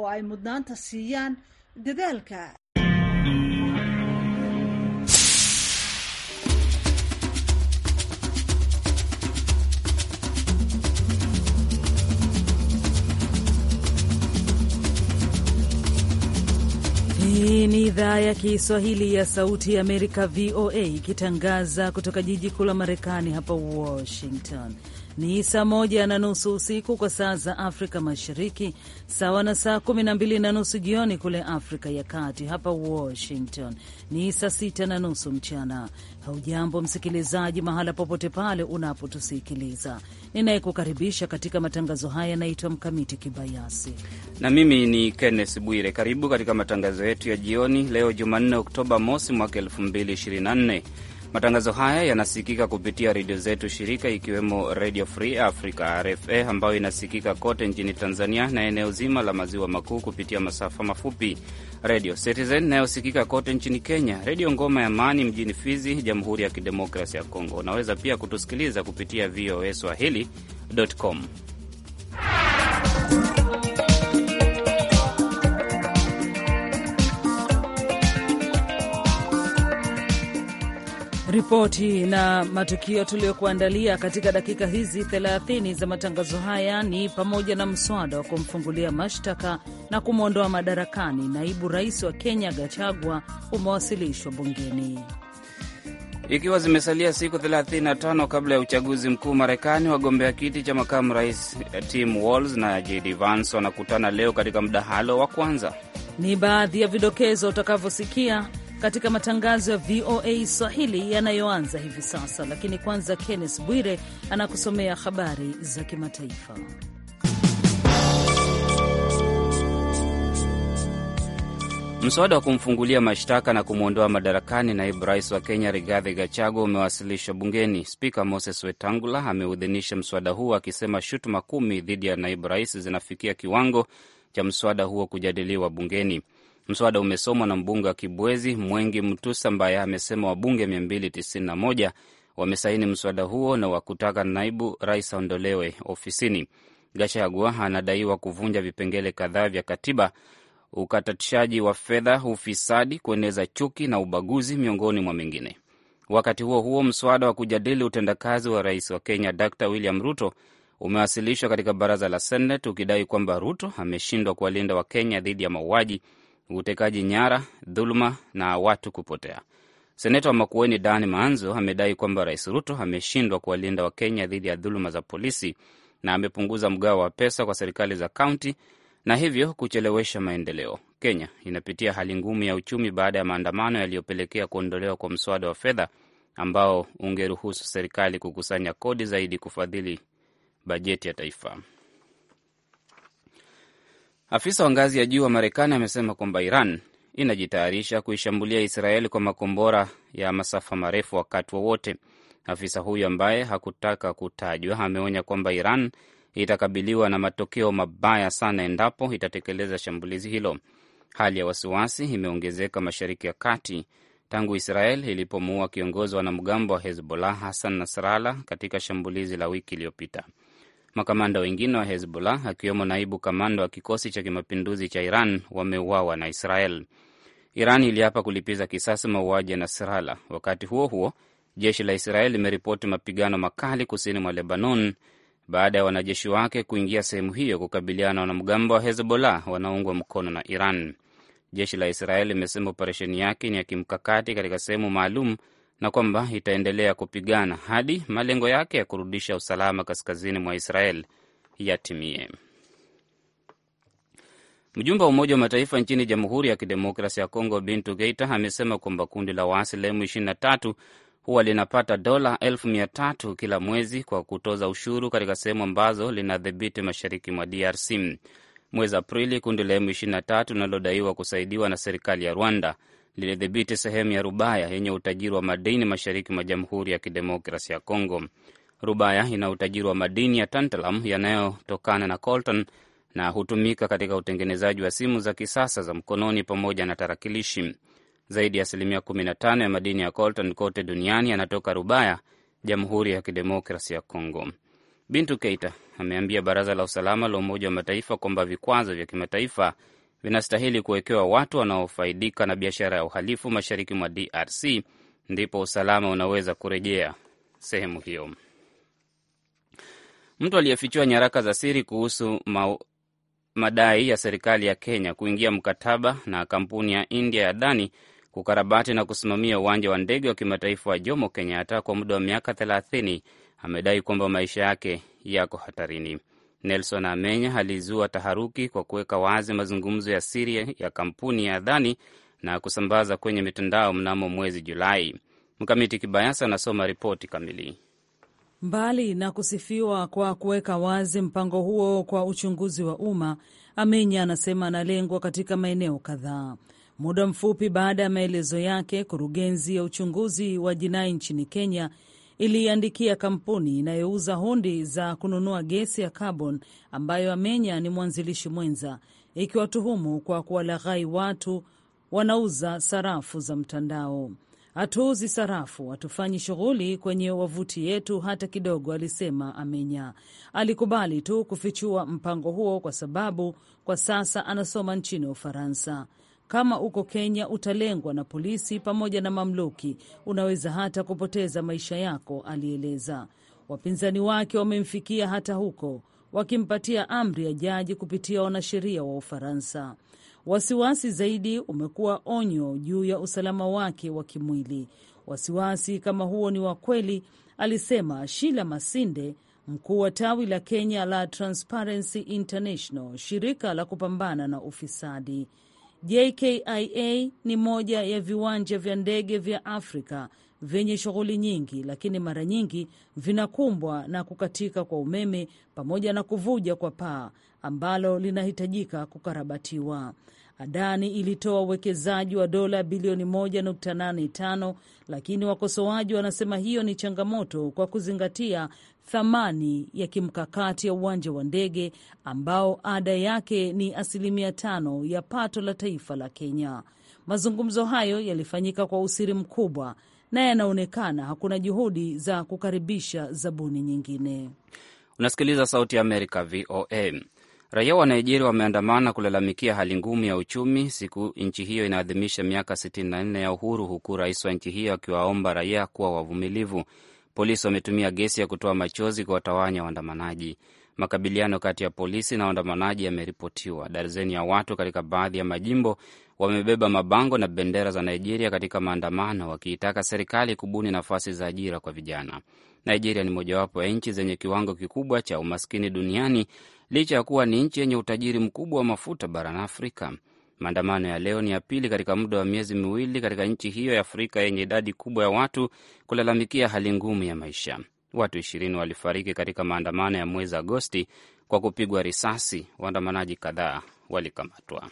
oo ay mudnaanta siiyaan dadaalka Hii ni idhaa ya Kiswahili ya Sauti ya Amerika, VOA, ikitangaza kutoka jiji kuu la Marekani, hapa Washington. Ni saa moja na nusu usiku kwa saa za Afrika Mashariki, sawa na saa kumi na mbili na nusu jioni kule Afrika ya Kati. Hapa Washington ni saa sita na nusu mchana. Haujambo msikilizaji, mahala popote pale unapotusikiliza. Ninayekukaribisha katika matangazo haya yanaitwa Mkamiti Kibayasi na mimi ni Kenneth Bwire. Karibu katika matangazo yetu ya jioni leo Jumanne, Oktoba mosi mwaka 224 Matangazo haya yanasikika kupitia redio zetu shirika, ikiwemo Redio Free Africa RFA, ambayo inasikika kote nchini Tanzania na eneo zima la maziwa makuu kupitia masafa mafupi, Redio Citizen inayosikika kote nchini Kenya, Redio Ngoma ya Amani mjini Fizi, Jamhuri ya Kidemokrasi ya Kongo. Unaweza pia kutusikiliza kupitia VOA Swahili.com. Ripoti na matukio tuliyokuandalia katika dakika hizi 30 za matangazo haya ni pamoja na mswada wa kumfungulia mashtaka na kumwondoa madarakani naibu rais wa Kenya Gachagua umewasilishwa bungeni. Ikiwa zimesalia siku 35 kabla ya uchaguzi mkuu Marekani, wagombea kiti cha makamu rais Tim Walz na JD Vance wanakutana leo katika mdahalo wa kwanza. Ni baadhi ya vidokezo utakavyosikia katika matangazo ya VOA Swahili yanayoanza hivi sasa, lakini kwanza kennes Bwire anakusomea habari za kimataifa. Mswada wa kumfungulia mashtaka na kumwondoa madarakani naibu rais wa Kenya Rigathi Gachagua umewasilishwa bungeni. Spika Moses Wetangula ameudhinisha mswada huo akisema shutuma kumi dhidi ya naibu rais zinafikia kiwango cha mswada huo kujadiliwa bungeni. Mswada umesomwa na mbunge wa Kibwezi Mwengi Mtusa ambaye amesema wabunge 291 wamesaini mswada huo na wakutaka naibu rais aondolewe ofisini. Gachagua anadaiwa kuvunja vipengele kadhaa vya katiba, ukatatishaji wa fedha, ufisadi, kueneza chuki na ubaguzi, miongoni mwa mengine. Wakati huo huo, mswada wa kujadili utendakazi wa rais wa Kenya Dr William Ruto umewasilishwa katika baraza la Seneti ukidai kwamba Ruto ameshindwa kuwalinda Wakenya dhidi ya mauaji utekaji nyara, dhuluma na watu kupotea. Seneta wa Makueni Dan Maanzo amedai kwamba Rais Ruto ameshindwa kuwalinda Wakenya dhidi ya dhuluma za polisi na amepunguza mgao wa pesa kwa serikali za kaunti na hivyo kuchelewesha maendeleo. Kenya inapitia hali ngumu ya uchumi baada ya maandamano yaliyopelekea kuondolewa kwa mswada wa fedha ambao ungeruhusu serikali kukusanya kodi zaidi kufadhili bajeti ya taifa. Afisa wa ngazi ya juu wa Marekani amesema kwamba Iran inajitayarisha kuishambulia Israeli kwa makombora ya masafa marefu wakati wowote. Afisa huyu ambaye hakutaka kutajwa ameonya kwamba Iran itakabiliwa na matokeo mabaya sana endapo itatekeleza shambulizi hilo. Hali ya wasiwasi imeongezeka Mashariki ya Kati tangu Israel ilipomuua kiongozi wa wanamgambo wa Hezbollah Hassan Nasrallah katika shambulizi la wiki iliyopita. Makamanda wengine wa Hezbollah akiwemo naibu kamanda wa kikosi cha kimapinduzi cha Iran wameuawa na Israel. Iran iliapa kulipiza kisasi mauaji ya Nasrallah. Wakati huo huo, jeshi la Israel limeripoti mapigano makali kusini mwa Lebanon baada ya wanajeshi wake kuingia sehemu hiyo kukabiliana na wanamgambo wa Hezbollah wanaoungwa mkono na Iran. Jeshi la Israel limesema operesheni yake ni ya kimkakati katika sehemu maalum na kwamba itaendelea kupigana hadi malengo yake ya kurudisha usalama kaskazini mwa Israel yatimie. Mjumbe wa Umoja wa Mataifa nchini Jamhuri ya Kidemokrasi ya Kongo, Bintu Geita, amesema kwamba kundi la waasi la M23 huwa linapata dola elfu mia tatu kila mwezi kwa kutoza ushuru katika sehemu ambazo linadhibiti mashariki mwa DRC. Mwezi Aprili, kundi la M23 linalodaiwa kusaidiwa na serikali ya Rwanda lilidhibiti sehemu ya Rubaya yenye utajiri wa madini mashariki mwa Jamhuri ya Kidemokrasi ya Kongo. Rubaya ina utajiri wa madini ya tantalam yanayotokana na coltan na hutumika katika utengenezaji wa simu za kisasa za mkononi pamoja na tarakilishi. Zaidi ya asilimia 15 ya madini ya coltan kote duniani yanatoka Rubaya, Jamhuri ya Kidemokrasi ya Kongo. Bintu Keita ameambia Baraza la Usalama la Umoja wa Mataifa kwamba vikwazo vya kimataifa vinastahili kuwekewa watu wanaofaidika na biashara ya uhalifu mashariki mwa DRC, ndipo usalama unaweza kurejea sehemu hiyo. Mtu aliyefichua nyaraka za siri kuhusu ma madai ya serikali ya Kenya kuingia mkataba na kampuni ya India ya Adani kukarabati na kusimamia uwanja wa ndege wa kimataifa wa Jomo Kenyatta kwa muda wa miaka 30 amedai kwamba maisha yake yako hatarini. Nelson Amenya alizua taharuki kwa kuweka wazi mazungumzo ya siri ya kampuni ya Adani na kusambaza kwenye mitandao mnamo mwezi Julai. Mkamiti Kibayasi anasoma ripoti kamili. Mbali na kusifiwa kwa kuweka wazi mpango huo kwa uchunguzi wa umma, Amenya anasema analengwa katika maeneo kadhaa. Muda mfupi baada ya maelezo yake, kurugenzi ya uchunguzi wa jinai nchini Kenya iliiandikia kampuni inayouza hundi za kununua gesi ya carbon ambayo Amenya ni mwanzilishi mwenza, ikiwatuhumu kwa kuwalaghai watu wanauza sarafu za mtandao. Hatuuzi sarafu, hatufanyi shughuli kwenye wavuti yetu hata kidogo, alisema Amenya. Alikubali tu kufichua mpango huo kwa sababu kwa sasa anasoma nchini Ufaransa. Kama uko Kenya utalengwa na polisi pamoja na mamluki, unaweza hata kupoteza maisha yako, alieleza. Wapinzani wake wamemfikia hata huko, wakimpatia amri ya jaji kupitia wanasheria wa Ufaransa. Wasiwasi zaidi umekuwa onyo juu ya usalama wake wa kimwili. Wasiwasi kama huo ni wa kweli, alisema Shila Masinde, mkuu wa tawi la Kenya la Transparency International, shirika la kupambana na ufisadi. JKIA ni moja ya viwanja vya ndege vya Afrika vyenye shughuli nyingi, lakini mara nyingi vinakumbwa na kukatika kwa umeme pamoja na kuvuja kwa paa ambalo linahitajika kukarabatiwa. Adani ilitoa uwekezaji wa dola bilioni 1.85, lakini wakosoaji wanasema hiyo ni changamoto kwa kuzingatia thamani ya kimkakati ya uwanja wa ndege ambao ada yake ni asilimia tano ya pato la taifa la Kenya. Mazungumzo hayo yalifanyika kwa usiri mkubwa na yanaonekana hakuna juhudi za kukaribisha zabuni nyingine. Unasikiliza Sauti ya Amerika, VOA. Raia wa Nigeria wameandamana kulalamikia hali ngumu ya uchumi siku nchi hiyo inaadhimisha miaka 64 ya uhuru, huku rais wa nchi hiyo akiwaomba raia kuwa wavumilivu. Polisi wametumia gesi ya kutoa machozi kuwatawanya waandamanaji. Makabiliano kati ya polisi na waandamanaji yameripotiwa. Darzeni ya watu katika baadhi ya majimbo wamebeba mabango na bendera za Nigeria katika maandamano, wakiitaka serikali kubuni nafasi za ajira kwa vijana. Nigeria ni mojawapo ya nchi zenye kiwango kikubwa cha umaskini duniani licha ya kuwa ni nchi yenye utajiri mkubwa wa mafuta barani Afrika. Maandamano ya leo ni ya pili katika muda wa miezi miwili katika nchi hiyo ya Afrika yenye idadi kubwa ya watu kulalamikia hali ngumu ya maisha. Watu ishirini walifariki katika maandamano ya mwezi Agosti kwa kupigwa risasi. Waandamanaji kadhaa walikamatwa.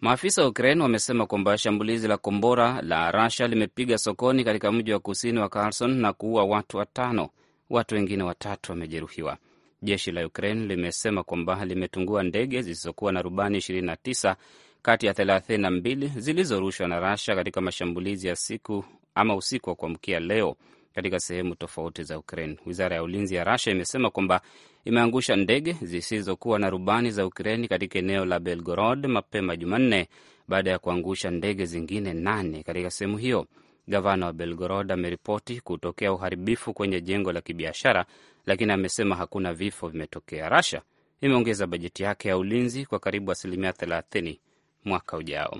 Maafisa wa Ukraine wamesema kwamba shambulizi la kombora la Rasha limepiga sokoni katika mji wa kusini wa Kherson na kuua watu watano. Watu wengine watatu wamejeruhiwa. Jeshi la Ukraine limesema kwamba limetungua ndege zisizokuwa na rubani 29 kati ya 32 zilizorushwa na Rasha katika mashambulizi ya siku ama usiku wa kuamkia leo katika sehemu tofauti za Ukraine. Wizara ya ulinzi ya Rasha imesema kwamba imeangusha ndege zisizokuwa na rubani za Ukraine katika eneo la Belgorod mapema Jumanne baada ya kuangusha ndege zingine nane katika sehemu hiyo. Gavana wa Belgorod ameripoti kutokea uharibifu kwenye jengo la kibiashara, lakini amesema hakuna vifo vimetokea. Rasha imeongeza bajeti yake ya ulinzi kwa karibu asilimia 30 mwaka ujao.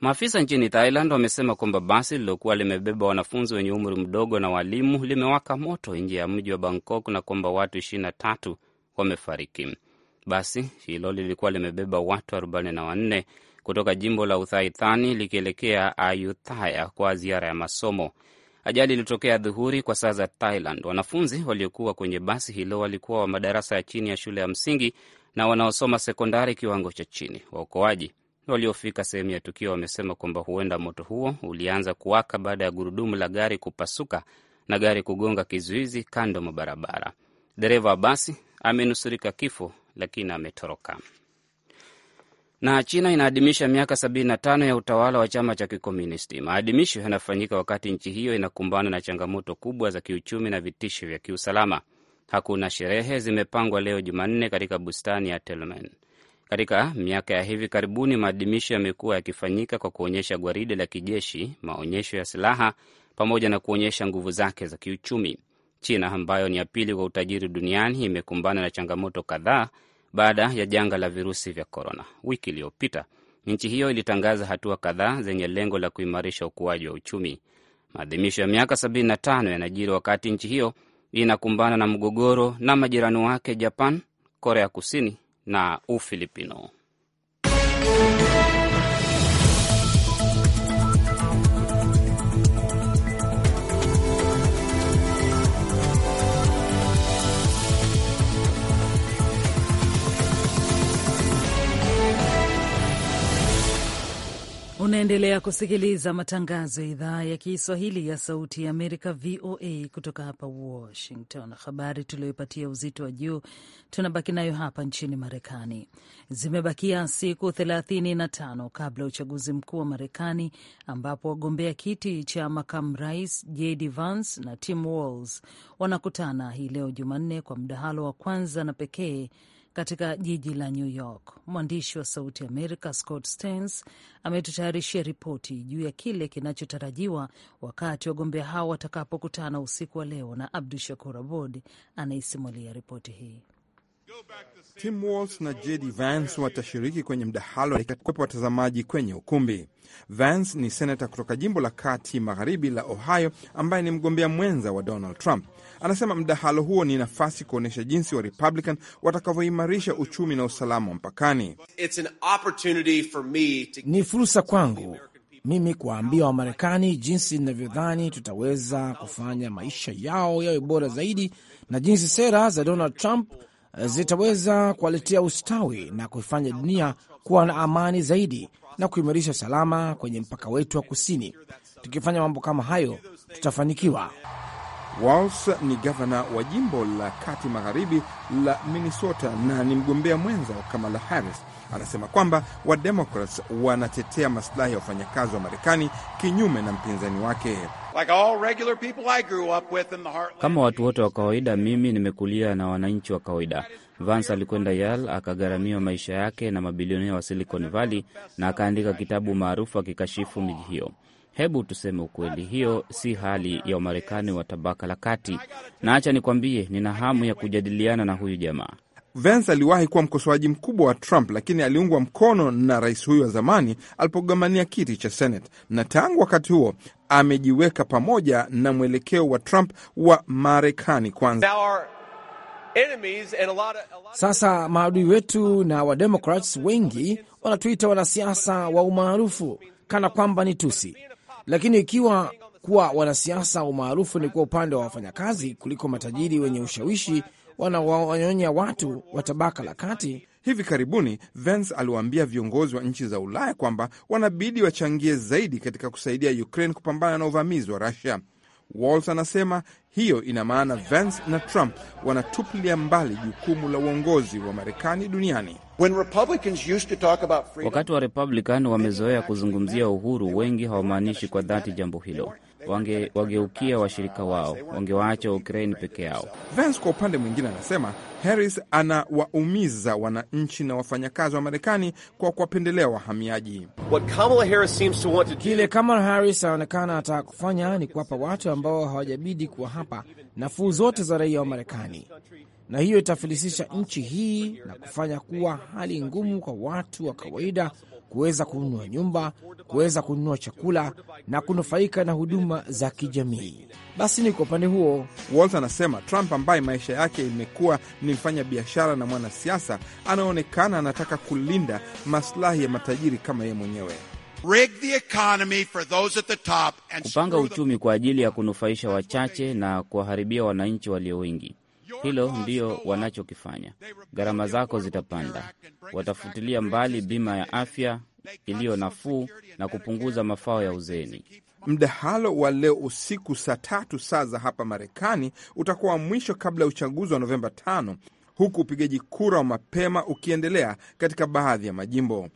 Maafisa nchini Thailand wamesema kwamba basi lililokuwa limebeba wanafunzi wenye umri mdogo na walimu limewaka moto nje ya mji wa Bangkok na kwamba watu 23 wamefariki. Basi hilo lilikuwa limebeba watu 44 kutoka jimbo la Uthaithani likielekea Ayutthaya kwa ziara ya masomo. Ajali ilitokea dhuhuri kwa saa za Thailand. Wanafunzi waliokuwa kwenye basi hilo walikuwa wa madarasa ya chini ya shule ya msingi na wanaosoma sekondari kiwango cha chini. Waokoaji waliofika sehemu ya tukio wamesema kwamba huenda moto huo ulianza kuwaka baada ya gurudumu la gari kupasuka na gari kugonga kizuizi kando mwa barabara. Dereva wa basi amenusurika kifo, lakini ametoroka na China inaadhimisha miaka 75 ya utawala wa chama cha Kikomunisti. Maadhimisho yanafanyika wakati nchi hiyo inakumbana na changamoto kubwa za kiuchumi na vitisho vya kiusalama. Hakuna sherehe zimepangwa leo Jumanne katika bustani ya Telmen. Katika miaka ya hivi karibuni, maadhimisho yamekuwa yakifanyika kwa kuonyesha gwaride la kijeshi, maonyesho ya silaha pamoja na kuonyesha nguvu zake za kiuchumi. China ambayo ni ya pili kwa utajiri duniani imekumbana na changamoto kadhaa baada ya janga la virusi vya korona. Wiki iliyopita nchi hiyo ilitangaza hatua kadhaa zenye lengo la kuimarisha ukuaji wa uchumi. Maadhimisho ya miaka 75 yanajiri wakati nchi hiyo inakumbana na mgogoro na majirani wake Japan, Korea Kusini na Ufilipino. Unaendelea kusikiliza matangazo ya idhaa ya Kiswahili ya Sauti ya Amerika, VOA, kutoka hapa Washington. Habari tuliyoipatia uzito wa juu tunabaki nayo hapa nchini Marekani. Zimebakia siku 35 kabla ya uchaguzi mkuu wa Marekani, ambapo wagombea kiti cha makamu rais JD Vance na Tim Walz wanakutana hii leo Jumanne kwa mdahalo wa kwanza na pekee katika jiji la New York. Mwandishi wa Sauti ya Amerika Scott Stens ametutayarishia ripoti juu ya kile kinachotarajiwa wakati wagombea hao watakapokutana usiku wa leo, na Abdu Shakur Abod anaisimulia ripoti hii. Tim Walz na JD Vance watashiriki kwenye mdahalo kuwepo watazamaji kwenye ukumbi. Vance ni senata kutoka jimbo la kati magharibi la Ohio ambaye ni mgombea mwenza wa Donald Trump. Anasema mdahalo huo ni nafasi kuonyesha jinsi wa Republican watakavyoimarisha uchumi na usalama wa mpakani. Ni fursa kwangu mimi kuwaambia Wamarekani jinsi ninavyodhani tutaweza kufanya maisha yao yawe bora zaidi na jinsi sera za Donald Trump zitaweza kuwaletea ustawi na kuifanya dunia kuwa na amani zaidi na kuimarisha usalama kwenye mpaka wetu wa kusini. Tukifanya mambo kama hayo, tutafanikiwa. wals ni gavana wa jimbo la kati magharibi la Minnesota na ni mgombea mwenza wa Kamala Harris. Anasema kwamba Wademokrats wanatetea masilahi ya wafanyakazi wa Marekani kinyume na mpinzani wake. Kama watu wote wa kawaida, mimi nimekulia na wananchi wa kawaida. Vance alikwenda Yale akagharamia maisha yake na mabilionea wa Silicon Valley na akaandika kitabu maarufu akikashifu miji hiyo. Hebu tuseme ukweli, hiyo si hali ya Wamarekani wa tabaka la kati, na acha nikwambie, nina hamu ya kujadiliana na huyu jamaa. Vance aliwahi kuwa mkosoaji mkubwa wa Trump, lakini aliungwa mkono na rais huyo wa zamani alipogombania kiti cha Senate, na tangu wakati huo amejiweka pamoja na mwelekeo wa Trump wa Marekani kwanza. Sasa maadui wetu na Wademokrats wengi wanatuita wanasiasa wa umaarufu kana kwamba ni tusi, lakini ikiwa kuwa wanasiasa wa umaarufu ni kwa upande wa wafanyakazi kuliko matajiri wenye ushawishi wanawanyonya watu wa tabaka la kati Hivi karibuni Vance aliwaambia viongozi wa nchi za Ulaya kwamba wanabidi wachangie zaidi katika kusaidia Ukraine kupambana na uvamizi wa Rusia. Walls anasema hiyo ina maana Vance na Trump wanatupilia mbali jukumu la uongozi wa Marekani duniani. Wakati wa Republican wamezoea kuzungumzia uhuru, wengi hawamaanishi kwa dhati jambo hilo wangewageukia washirika wao, wangewaacha Ukraini peke yao. Vance kwa upande mwingine anasema Harris anawaumiza wananchi na wafanyakazi wa Marekani kwa kuwapendelea wahamiaji. Kile Kamala Harris anaonekana anataka kufanya ni kuwapa watu ambao hawajabidi kuwa hapa nafuu zote za raia wa Marekani, na hiyo itafilisisha nchi hii na kufanya kuwa hali ngumu kwa watu wa kawaida kuweza kununua nyumba, kuweza kununua chakula na kunufaika na huduma za kijamii. Basi ni kwa upande huo, Walt anasema Trump ambaye maisha yake imekuwa ni mfanya biashara na mwanasiasa, anaonekana anataka kulinda maslahi ya matajiri kama yeye mwenyewe kupanga uchumi kwa ajili ya kunufaisha wachache na kuwaharibia wananchi walio wengi. Hilo ndio wanachokifanya. Gharama zako zitapanda, watafutilia mbali bima ya afya iliyo nafuu na kupunguza mafao ya uzeeni. Mdahalo wa leo usiku saa tatu saa za hapa Marekani utakuwa wa mwisho kabla ya uchaguzi wa Novemba 5 huku upigaji kura wa mapema ukiendelea katika baadhi ya majimbo.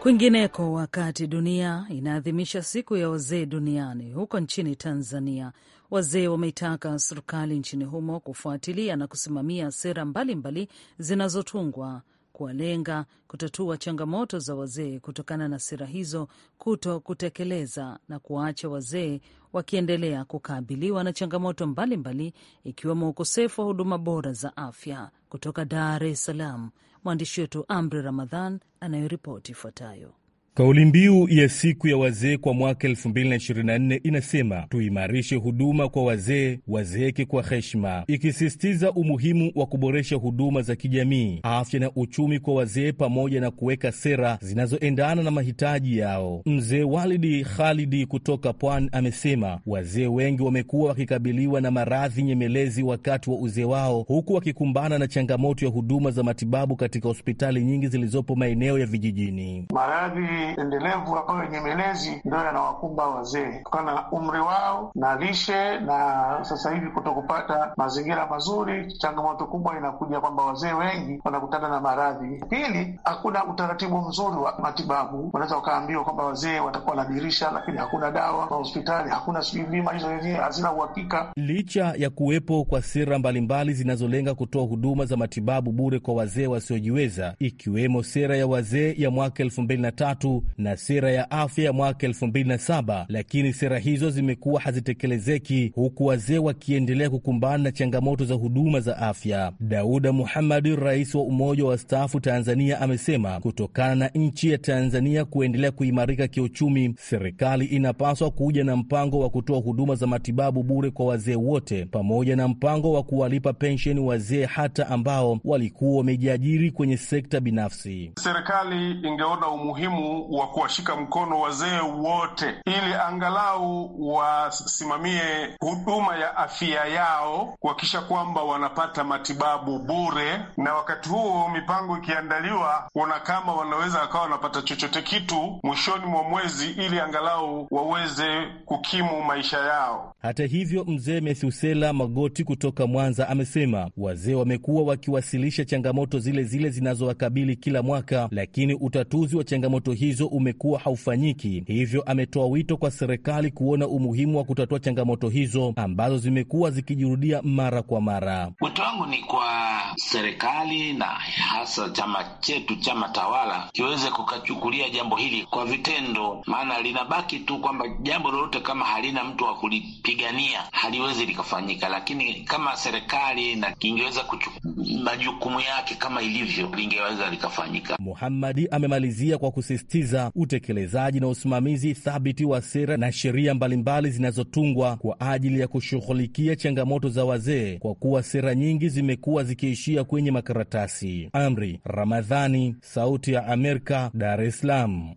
Kwingineko, wakati dunia inaadhimisha siku ya wazee duniani, huko nchini Tanzania wazee wameitaka serikali nchini humo kufuatilia na kusimamia sera mbalimbali zinazotungwa kuwalenga kutatua changamoto za wazee kutokana na sera hizo kuto kutekeleza na kuwaacha wazee wakiendelea kukabiliwa na changamoto mbalimbali ikiwemo ukosefu wa huduma bora za afya. Kutoka Dar es Salaam, Mwandishi wetu Amri Ramadhan anayoripoti ifuatayo. Kauli mbiu ya siku ya wazee kwa mwaka 2024 inasema tuimarishe huduma kwa wazee, wazeeke kwa heshima, ikisisitiza umuhimu wa kuboresha huduma za kijamii, afya na uchumi kwa wazee pamoja na kuweka sera zinazoendana na mahitaji yao. Mzee Walidi Khalidi kutoka Pwani amesema wazee wengi wamekuwa wakikabiliwa na maradhi nyemelezi wakati wa uzee wao, huku wakikumbana na changamoto ya huduma za matibabu katika hospitali nyingi zilizopo maeneo ya vijijini. Maradhi endelevu ambayo yenye melezi ndio yanawakumba wazee kutokana na umri wao na lishe na sasa hivi kuto kupata mazingira mazuri. Changamoto kubwa inakuja kwamba wazee wengi wanakutana na maradhi. Pili, hakuna utaratibu mzuri wa matibabu. Unaweza ukaambiwa kwamba wazee watakuwa na dirisha, lakini hakuna dawa kwa hospitali, hakuna sijui bima hizo yenyewe hazina uhakika. Licha ya kuwepo kwa sera mbalimbali zinazolenga kutoa huduma za matibabu bure kwa wazee wasiojiweza, ikiwemo sera ya wazee ya mwaka elfu mbili na tatu na sera ya afya ya mwaka 2007, lakini sera hizo zimekuwa hazitekelezeki huku wazee wakiendelea kukumbana na changamoto za huduma za afya. Dauda Muhamadi, rais wa Umoja wa staafu Tanzania, amesema kutokana na nchi ya Tanzania kuendelea kuimarika kiuchumi, serikali inapaswa kuja na mpango wa kutoa huduma za matibabu bure kwa wazee wote pamoja na mpango wa kuwalipa pensheni wazee hata ambao walikuwa wamejiajiri kwenye sekta binafsi. Serikali ingeona umuhimu wa kuwashika mkono wazee wote, ili angalau wasimamie huduma ya afya yao, kuhakikisha kwamba wanapata matibabu bure, na wakati huo mipango ikiandaliwa, kuona kama wanaweza wakawa wanapata chochote kitu mwishoni mwa mwezi, ili angalau waweze kukimu maisha yao. Hata hivyo, mzee Methusela Magoti kutoka Mwanza amesema wazee wamekuwa wakiwasilisha changamoto zile zile zinazowakabili kila mwaka, lakini utatuzi wa changamoto hii hizo umekuwa haufanyiki, hivyo ametoa wito kwa serikali kuona umuhimu wa kutatua changamoto hizo ambazo zimekuwa zikijirudia mara kwa mara. Wito wangu ni kwa serikali na hasa chama chetu, chama tawala kiweze kukachukulia jambo hili kwa vitendo, maana linabaki tu kwamba jambo lolote kama halina mtu wa kulipigania haliwezi likafanyika, lakini kama serikali na kingeweza kuchukua majukumu yake kama ilivyo lingeweza likafanyika. Muhammadi amemalizia kwa kusisitiza kusisitiza utekelezaji na usimamizi thabiti wa sera na sheria mbalimbali zinazotungwa kwa ajili ya kushughulikia changamoto za wazee, kwa kuwa sera nyingi zimekuwa zikiishia kwenye makaratasi. Amri Ramadhani, Sauti ya Amerika, Dar es Salaam.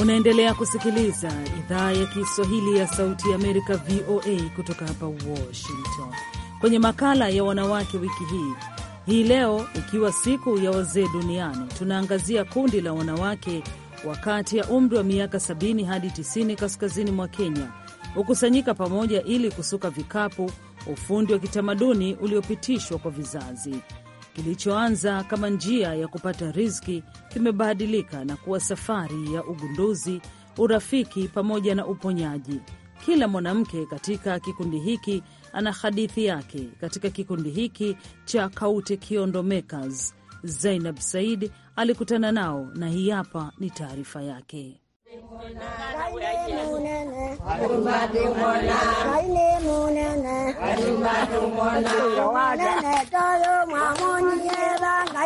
Unaendelea kusikiliza idhaa ya Kiswahili ya Sauti ya Amerika, VOA, kutoka hapa Washington, kwenye makala ya wanawake wiki hii. Hii leo ikiwa siku ya wazee duniani, tunaangazia kundi la wanawake wakati ya umri wa miaka 70 hadi 90 kaskazini mwa Kenya hukusanyika pamoja ili kusuka vikapu, ufundi wa kitamaduni uliopitishwa kwa vizazi kilichoanza kama njia ya kupata riziki kimebadilika na kuwa safari ya ugunduzi, urafiki pamoja na uponyaji. Kila mwanamke katika kikundi hiki ana hadithi yake. Katika kikundi hiki cha Kaute Kiondo Makers, Zainab Said alikutana nao na hii hapa ni taarifa yake.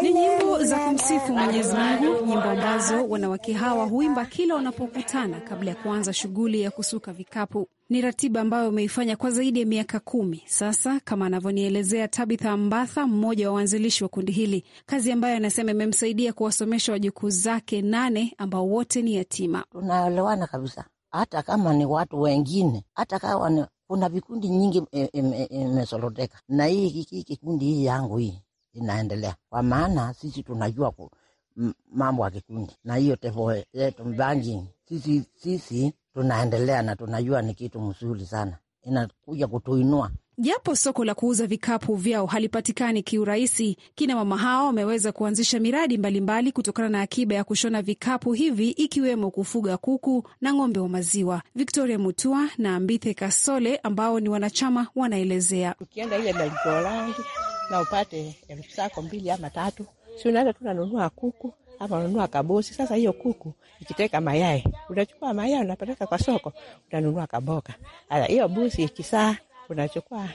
Ni nyimbo za kumsifu Mwenyezi Mungu, nyimbo ambazo wanawake hawa huimba kila wanapokutana kabla ya kuanza shughuli ya kusuka vikapu. Ni ratiba ambayo umeifanya kwa zaidi ya miaka kumi sasa, kama anavyonielezea Tabitha Mbatha, mmoja wa waanzilishi wa kundi hili, kazi ambayo anasema imemsaidia kuwasomesha wajukuu zake nane ambao wote ni yatima. Tunaelewana kabisa, hata kama ni watu wengine, hata kama kuna vikundi nyingi imesoroteka, na hii kikundi hii yangu hii inaendelea, kwa maana sisi tunajua mambo ya kikundi na hiyo tevo yetu mbangi sisi sisi tunaendelea na tunajua ni kitu mzuri sana, inakuja kutuinua. Japo soko la kuuza vikapu vyao halipatikani kiurahisi, kina mama hao wameweza kuanzisha miradi mbalimbali mbali kutokana na akiba ya kushona vikapu hivi, ikiwemo kufuga kuku na ng'ombe wa maziwa. Victoria Mutua na Ambithe Kasole ambao ni wanachama wanaelezea, ukienda ile Belgoland na upate elfu sako mbili ama tatu, si unaweza tu nanunua kuku hapa unanunua kabosi Sasa hiyo kuku ikiteka mayai, unachukua mayai unapeleka kwa soko, unanunua kaboka. haya Hiyo busi ikisaa, unachukua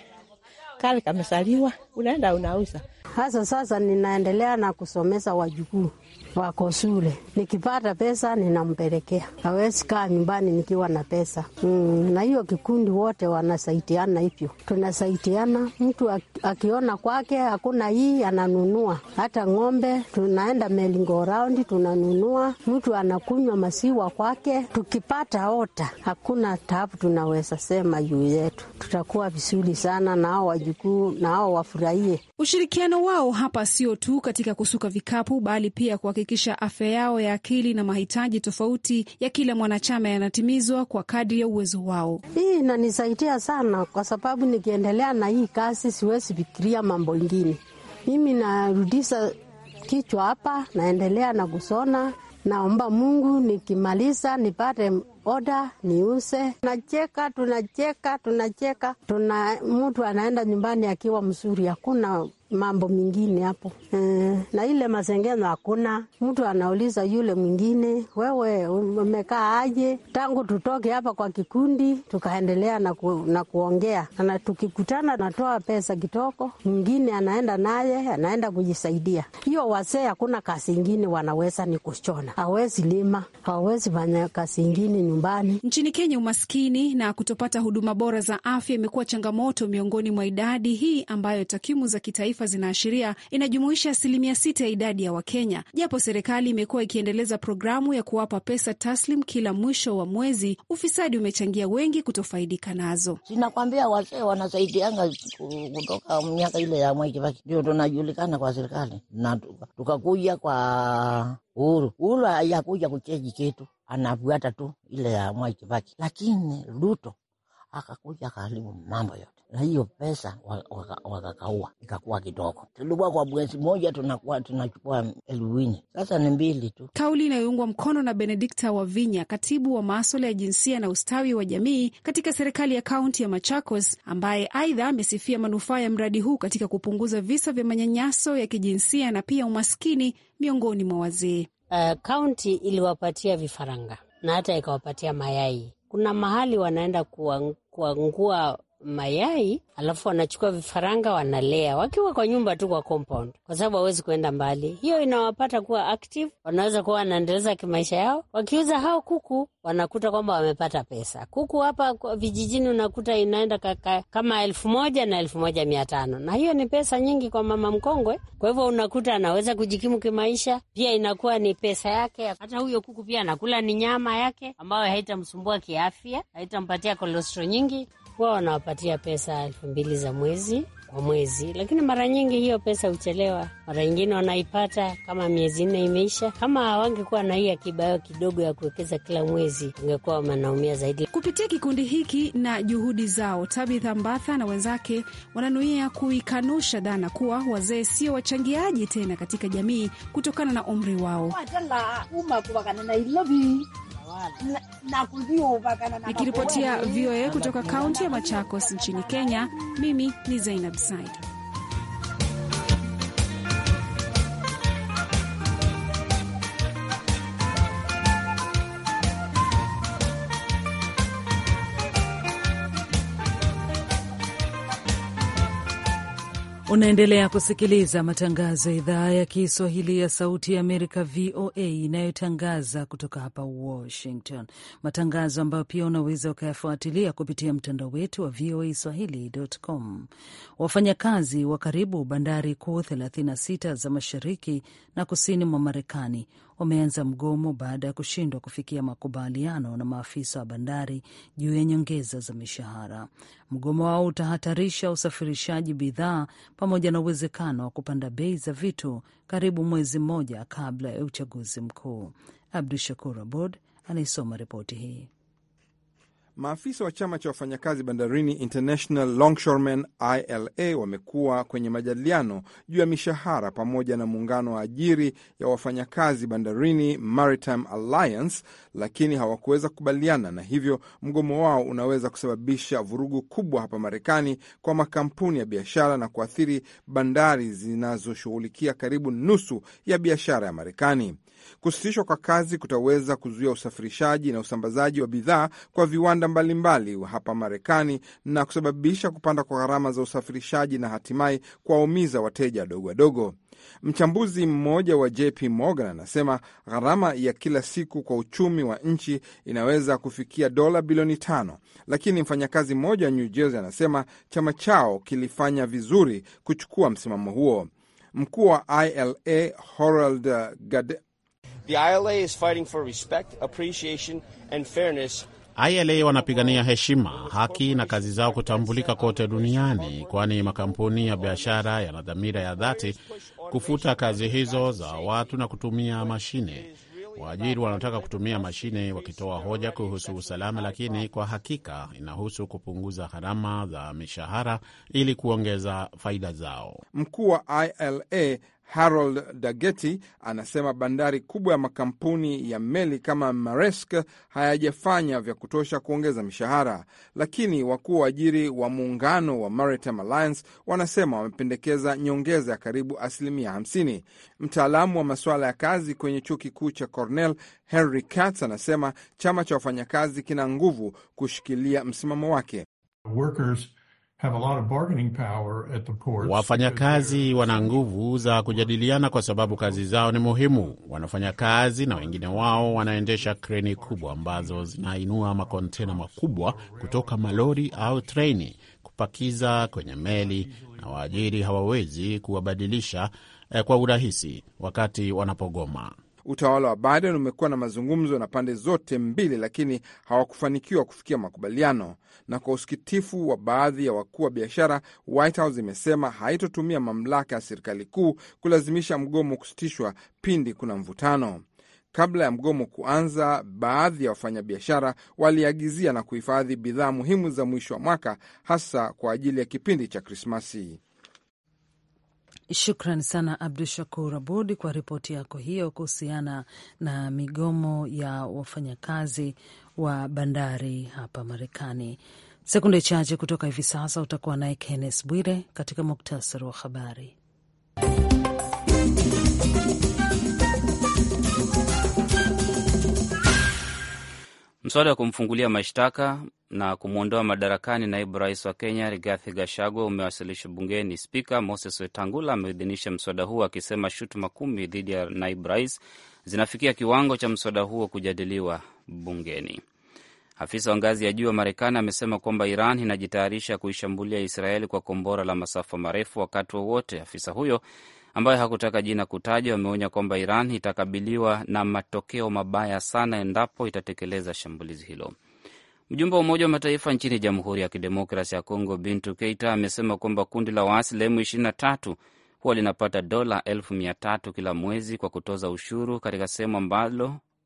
kale kamesaliwa, unaenda unauza. Hasa sasa ninaendelea na kusomesa wajukuu wako shule, nikipata pesa ninampelekea. Hawezi kaa nyumbani nikiwa na pesa mm. Na hiyo kikundi wote wanasaidiana hivyo, tunasaidiana. Mtu akiona kwake hakuna hii, ananunua hata ng'ombe, tunaenda melingo raundi, tunanunua. Mtu anakunywa masiwa kwake, tukipata ota, hakuna taabu. Tunaweza sema juu yetu tutakuwa vizuri sana, nao wajukuu nao wafurahie. Ushirikiano wao hapa sio tu katika kusuka vikapu, bali pia kuhakikisha afya yao ya akili na mahitaji tofauti ya kila mwanachama yanatimizwa kwa kadri ya uwezo wao. Hii inanisaidia sana, kwa sababu nikiendelea na hii kazi siwezi fikiria mambo ingine. Mimi narudisha kichwa hapa, naendelea na kusona Naomba Mungu nikimaliza nipate oda niuse Tunacheka, tunacheka, tunacheka, tuna mtu anaenda nyumbani akiwa mzuri, hakuna mambo mingine hapo e, na ile mazengeno hakuna mtu anauliza yule mwingine, wewe umekaa aje? Tangu tutoke hapa kwa kikundi, tukaendelea na, ku, na kuongea na tukikutana, natoa pesa kitoko, mwingine anaenda naye anaenda kujisaidia. Hiyo wasee hakuna kazi ingine wanaweza, ni kushona, hawezi lima, hawezi fanya kazi ingine nyumbani. Nchini Kenya, umaskini na kutopata huduma bora za afya imekuwa changamoto miongoni mwa idadi hii ambayo takwimu za kitaifa taarifa zinaashiria inajumuisha asilimia sita ya idadi ya Wakenya, japo serikali imekuwa ikiendeleza programu ya kuwapa pesa taslim kila mwisho wa mwezi. Ufisadi umechangia wengi kutofaidika nazo. Sinakwambia wazee wanasaidianga kutoka miaka ile ya Mwai ndio tunajulikana kwa serikali na tukakuja kwa Uhuru. Uhuru hayakuja kucheji kitu, anafuata tu ile ya Mwai Kibaki, lakini Ruto akakuja akaharibu mambo yote, na hiyo pesa wakakaua, ikakuwa kidogo. Tulikuwa kwa mwezi moja tunakuwa tunachukua elfu sasa ni mbili tu. Kauli inayoungwa mkono na Benedikta Wavinya, katibu wa maswala ya jinsia na ustawi wa jamii katika serikali ya kaunti ya Machakos, ambaye aidha amesifia manufaa ya mradi huu katika kupunguza visa vya manyanyaso ya kijinsia na pia umaskini miongoni mwa wazee. Eh, kaunti iliwapatia vifaranga na hata ikawapatia mayai kuna mahali wanaenda kuangua mayai alafu wanachukua vifaranga wanalea wakiwa kwa nyumba tu kwa compound, kwa sababu hawezi kuenda mbali. Hiyo inawapata kuwa active, wanaweza kuwa wanaendeleza kimaisha yao. Wakiuza hao kuku, wanakuta kwamba wamepata pesa. Kuku hapa vijijini unakuta inaenda kaka, kama elfu moja na elfu moja mia tano na hiyo ni pesa nyingi kwa mama mkongwe. Kwa hivyo unakuta anaweza kujikimu kimaisha, pia inakuwa ni pesa yake. Hata huyo kuku pia anakula ni nyama yake ambayo haitamsumbua kiafya, haitampatia kolestro nyingi huwa wanawapatia pesa elfu mbili za mwezi kwa mwezi, lakini mara nyingi hiyo pesa huchelewa. Mara nyingine wanaipata kama miezi nne imeisha. Kama wangekuwa na hii akiba yao kidogo ya kuwekeza kila mwezi, wangekuwa wanaumia zaidi. Kupitia kikundi hiki na juhudi zao, Tabitha Mbatha na wenzake wananuia kuikanusha dhana kuwa wazee sio wachangiaji tena katika jamii kutokana na umri wao. Nikiripotia VOA kutoka kaunti ya Machakos nchini Kenya, mimi ni Zainab Said. Unaendelea kusikiliza matangazo ya idhaa ya Kiswahili ya Sauti ya Amerika, VOA, inayotangaza kutoka hapa Washington, matangazo ambayo pia unaweza ukayafuatilia kupitia mtandao wetu wa VOA Swahili.com. Wafanyakazi wa karibu bandari kuu 36 za mashariki na kusini mwa Marekani wameanza mgomo baada ya kushindwa kufikia makubaliano na maafisa wa bandari juu ya nyongeza za mishahara. Mgomo wao utahatarisha usafirishaji bidhaa pamoja na uwezekano wa kupanda bei za vitu karibu mwezi mmoja kabla ya uchaguzi mkuu. Abdu Shakur Abud anaisoma ripoti hii. Maafisa wa chama cha wafanyakazi bandarini International Longshoremen ILA wamekuwa kwenye majadiliano juu ya mishahara pamoja na muungano wa ajiri ya wafanyakazi bandarini Maritime Alliance, lakini hawakuweza kukubaliana, na hivyo mgomo wao unaweza kusababisha vurugu kubwa hapa Marekani kwa makampuni ya biashara na kuathiri bandari zinazoshughulikia karibu nusu ya biashara ya Marekani. Kusitishwa kwa kazi kutaweza kuzuia usafirishaji na usambazaji wa bidhaa kwa viwanda mbalimbali mbali hapa Marekani na kusababisha kupanda kwa gharama za usafirishaji na hatimaye kuwaumiza wateja wadogo wadogo. Mchambuzi mmoja wa JP Morgan anasema gharama ya kila siku kwa uchumi wa nchi inaweza kufikia dola bilioni tano, lakini mfanyakazi mmoja wa New Jersey anasema chama chao kilifanya vizuri kuchukua msimamo huo. Mkuu wa ILA Harold Gade The ILA is fighting for respect, appreciation and fairness. ILA wanapigania heshima, haki na kazi zao kutambulika kote duniani, kwani makampuni ya biashara yana dhamira ya dhati kufuta kazi hizo za watu na kutumia mashine. Waajiri wanataka kutumia mashine wakitoa hoja kuhusu usalama, lakini kwa hakika inahusu kupunguza gharama za mishahara ili kuongeza faida zao. Mkuu wa ILA Harold Dageti anasema bandari kubwa ya makampuni ya meli kama Maresk hayajafanya vya kutosha kuongeza mishahara, lakini wakuu waajiri wa muungano wa Maritime Alliance wanasema wamependekeza nyongeza ya karibu asilimia 50. Mtaalamu wa masuala ya kazi kwenye chuo kikuu cha Cornell Henry Katz anasema chama cha wafanyakazi kina nguvu kushikilia msimamo wake Workers. Wafanyakazi wana nguvu za kujadiliana kwa sababu kazi zao ni muhimu. Wanafanya kazi na wengine wao wanaendesha kreni kubwa ambazo zinainua makontena makubwa kutoka malori au treni kupakiza kwenye meli, na waajiri hawawezi kuwabadilisha eh, kwa urahisi wakati wanapogoma. Utawala wa Biden umekuwa na mazungumzo na pande zote mbili, lakini hawakufanikiwa kufikia makubaliano. Na kwa usikitifu wa baadhi ya wakuu wa biashara, White House imesema haitotumia mamlaka ya serikali kuu kulazimisha mgomo kusitishwa pindi kuna mvutano. Kabla ya mgomo kuanza, baadhi ya wafanyabiashara waliagizia na kuhifadhi bidhaa muhimu za mwisho wa mwaka, hasa kwa ajili ya kipindi cha Krismasi. Shukran sana Abdu Shakur Abud kwa ripoti yako hiyo kuhusiana na migomo ya wafanyakazi wa bandari hapa Marekani. Sekunde chache kutoka hivi sasa utakuwa naye Kennes Bwire katika muktasari wa habari. Mswada wa kumfungulia mashtaka na kumwondoa madarakani naibu rais wa Kenya Rigathi Gachagua umewasilishwa bungeni. Spika Moses Wetangula ameidhinisha mswada huo akisema shutuma kumi dhidi ya naibu rais zinafikia kiwango cha mswada huo kujadiliwa bungeni. Afisa wa ngazi ya juu wa Marekani amesema kwamba Iran inajitayarisha kuishambulia Israeli kwa kombora la masafa marefu wakati wowote. Afisa huyo ambaye hakutaka jina kutajwa ameonya kwamba Iran itakabiliwa na matokeo mabaya sana endapo itatekeleza shambulizi hilo. Mjumbe wa Umoja wa Mataifa nchini Jamhuri ya Kidemokrasi ya Kongo, Bintu Keita, amesema kwamba kundi la waasi la M23 huwa linapata dola elfu mia tatu kila mwezi kwa kutoza ushuru katika sehemu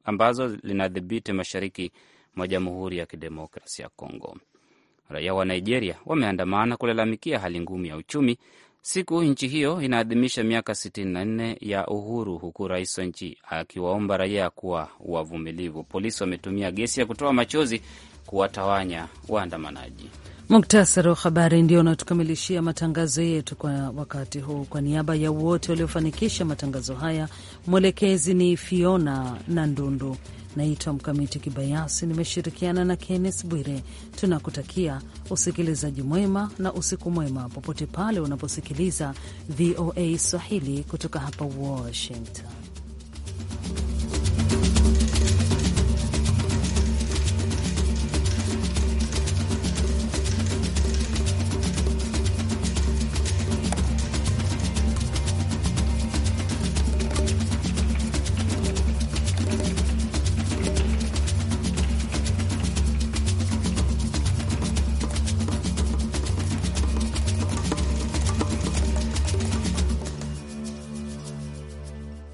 ambazo linadhibiti mashariki mwa Jamhuri ya Kidemokrasi ya Kongo. Raia wa Nigeria wameandamana kulalamikia hali ngumu ya uchumi siku nchi hiyo inaadhimisha miaka 64 ya uhuru, huku rais wa nchi akiwaomba raia kuwa wavumilivu. Polisi wametumia gesi ya kutoa machozi kuwatawanya waandamanaji. Muktasari wa habari ndio unatukamilishia matangazo yetu kwa wakati huu. Kwa niaba ya wote waliofanikisha matangazo haya, mwelekezi ni Fiona na Ndundu. Naitwa Mkamiti Kibayasi, nimeshirikiana na Kennes Bwire. Tunakutakia usikilizaji mwema na usiku mwema popote pale unaposikiliza VOA Swahili kutoka hapa Washington.